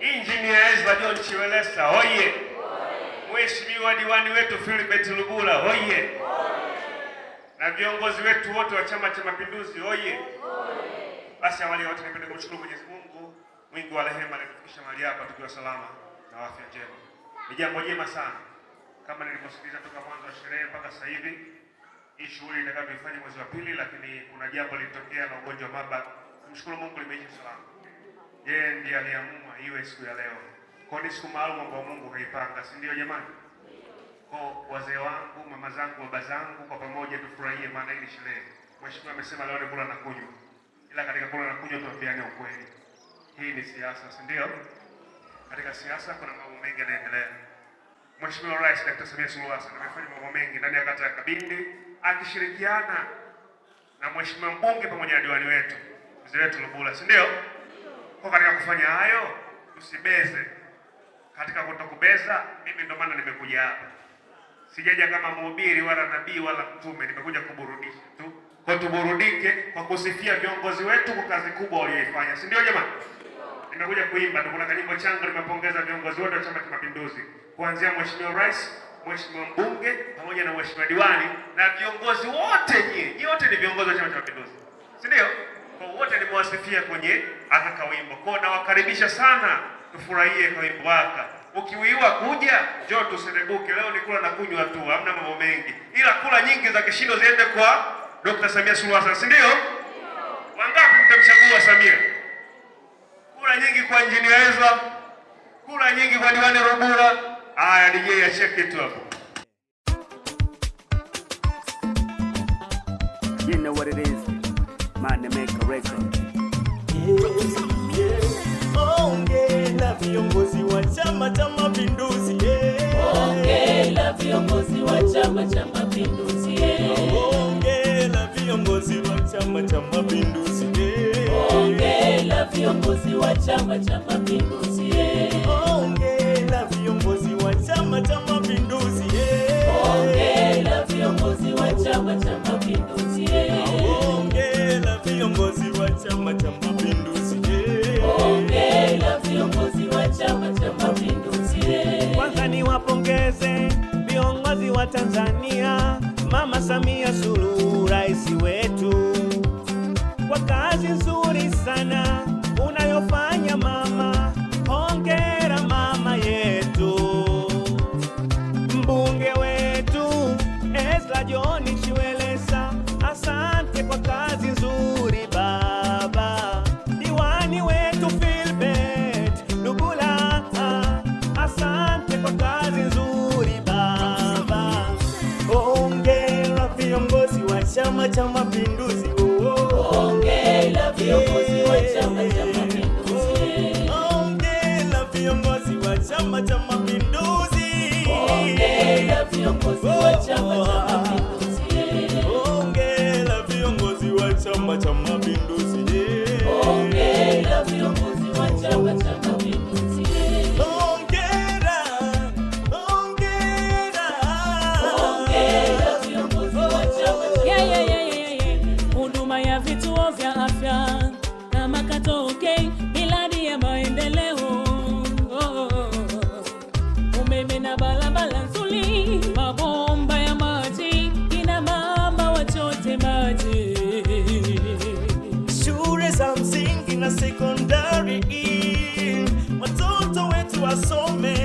Engineers wa John Chiwelesa hoye! Mheshimiwa diwani wetu Philbert Lugula hoye! na viongozi wetu wote wa Chama cha Mapinduzi hoye! Basi awali yote, kumshukuru Mwenyezi Mungu mwingi wa rehema alitufikisha mahali hapa tukiwa salama na afya njema. Ni jambo jema sana, kama nilivyosikiliza toka mwanzo wa sherehe mpaka sasa hivi, hii shughuli itakavyoifanya mwezi wa pili, lakini kuna jambo lilitokea na ugonjwa maba. Mshukuru Mungu limeisha salama. Yeye ndiye aliamua iwe siku ya leo, kwa ni siku maalum ambayo Mungu kaipanga, si ndio jamani? Kwa wazee wangu, mama zangu, baba zangu, kwa pamoja tufurahie, maana hii ni sherehe. Mheshimiwa amesema leo ni kula na kunywa, ila katika kula na kunywa tuambiane ukweli, hii ni siasa, si ndio? Katika siasa kuna mambo mengi yanaendelea. Mheshimiwa Rais Dr. Samia Suluhu Hassan amefanya mambo mengi ndani ya kata ya Kabindi akishirikiana na mheshimiwa mbunge pamoja na diwani wetu mzee wetu Lubula, si ndio? Kwa katika kufanya hayo usibeze katika kutokubeza. Mimi ndio maana nimekuja hapa, sijaja kama mhubiri wala nabii wala mtume, nimekuja kuburudisha tu, kwa tuburudike kwa kusifia viongozi wetu kwa kazi kubwa walioifanya, si ndio jamani? Nimekuja kuimba tu, kuna kanyimbo changu nimepongeza viongozi wote wa Chama cha Mapinduzi, kuanzia mheshimiwa rais mheshimiwa mbunge pamoja na mheshimiwa diwani na viongozi wote. Nyie nyie wote ni viongozi wa Chama cha Mapinduzi, si ndio? tunasifia kwenye aka kawimbo kwao. Nawakaribisha sana, tufurahie kawimbo waka. Ukiwiwa kuja njoo tuserebuke. Leo ni kula na kunywa tu, hamna mambo mengi, ila kula nyingi za kishindo ziende kwa Dr. Samia Suluhu Hassan, si ndio? Wangapi mtamchagua Samia? Kula nyingi kwa Injinia Ezra, kula nyingi kwa Diwani Rubura. Aya, DJ acheke tu hapo. Chama cha Mapinduzi, hongera eh. viongozi wa Chama cha Mapinduzi, hongera eh. viongozi wa Chama cha Mapinduzi, hongera eh. viongozi wa Chama cha Mapinduzi, hongera viongozi wa Chama cha Mapinduzi, hongera viongozi wa Chama cha Mapinduzi, hongera viongozi wa Chama cha Mapinduzi. Kwanza niwapongeze wa Tanzania, Mama Samia Suluhu, rais wetu, kwa kazi nzuri sana unayofanya mama. Hongera mama yetu, mbunge wetu Ezra John jama unafanyaje? Shule za msingi na sekondari, watoto wetu wasome